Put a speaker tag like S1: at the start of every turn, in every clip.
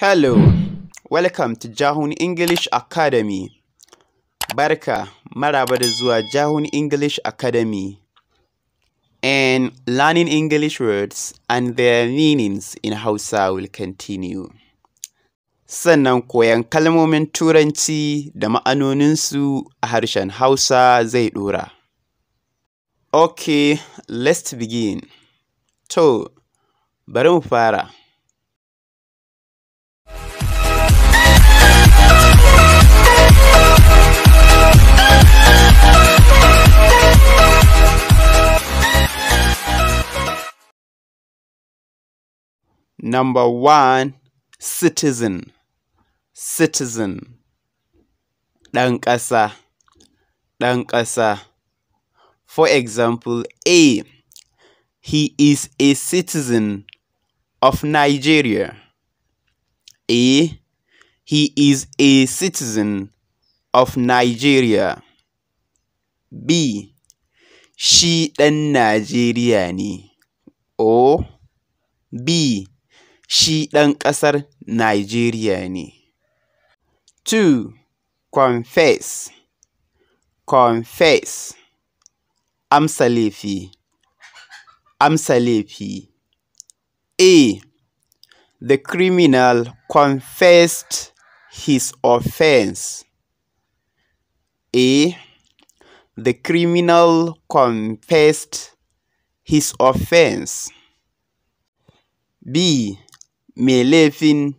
S1: Hello, welcome to Jahun English Academy. Barka, maraba da zuwa Jahun English Academy. And learning English words and their meanings in Hausa will continue. Sannan koyan kalmomin Turanci da ma'anoninsu a harshen Hausa zai ɗora. Okay, let's begin. To, bari mu fara. Number one, citizen, citizen, ɗan ƙasa, For example, A, he is a citizen of Nigeria. A, he is a citizen of Nigeria. B, she ɗan Najeriya ne. O, B, shi ɗan ƙasar Najeriya ne. 2. Confess Confess Amsa laifi Amsa laifi A. The criminal confessed his offense. A. The criminal confessed his offense. B. mai laifin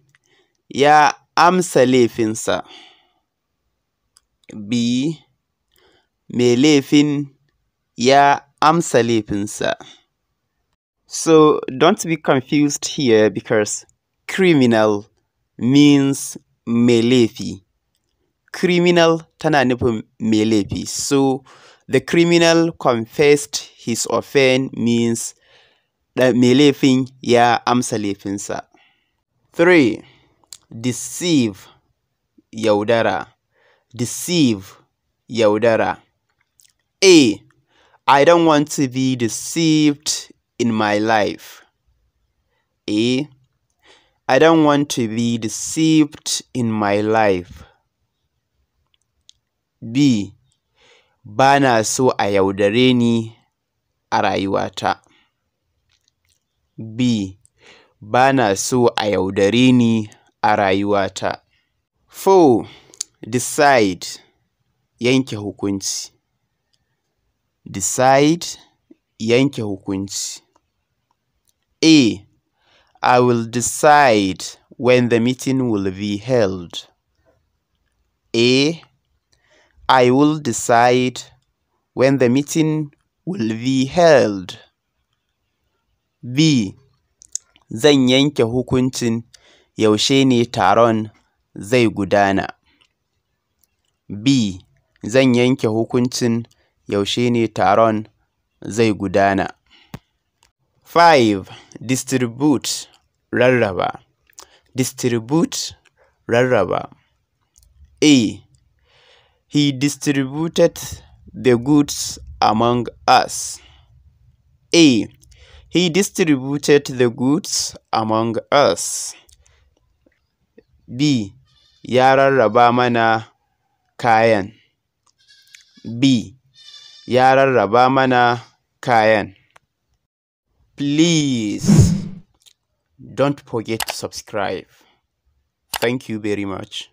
S1: ya amsa laifinsa. b. Mai laifin ya amsa laifinsa. So don't be confused here because criminal means melefi. Criminal tana nufin melefi. So the criminal confessed his offense means da ya amsa laifinsa. 3. Deceive (yaudara) deceive (yaudara). A. I don't want to be deceived in my life. A. I don't want to be deceived in my life. B. Ba na so a yaudare ni a rayuwata. B. Ba na so a yaudare ni a rayuwata. Fo Decide (yanke hukunci) Decide (yanke hukunci) A. I will decide when the meeting will be held. A. I will decide when the meeting will be held. B. zan yanke hukuncin yaushe ne taron zai gudana. b. Zan yanke hukuncin yaushe ne taron zai gudana. 5. Distribute (rarraba) Distribute (rarraba) a. He distributed the goods among us. a. He distributed the goods among us. B. Ya rarraba mana kayan. B. Ya rarraba mana kayan. Please don't forget to subscribe. Thank you very much.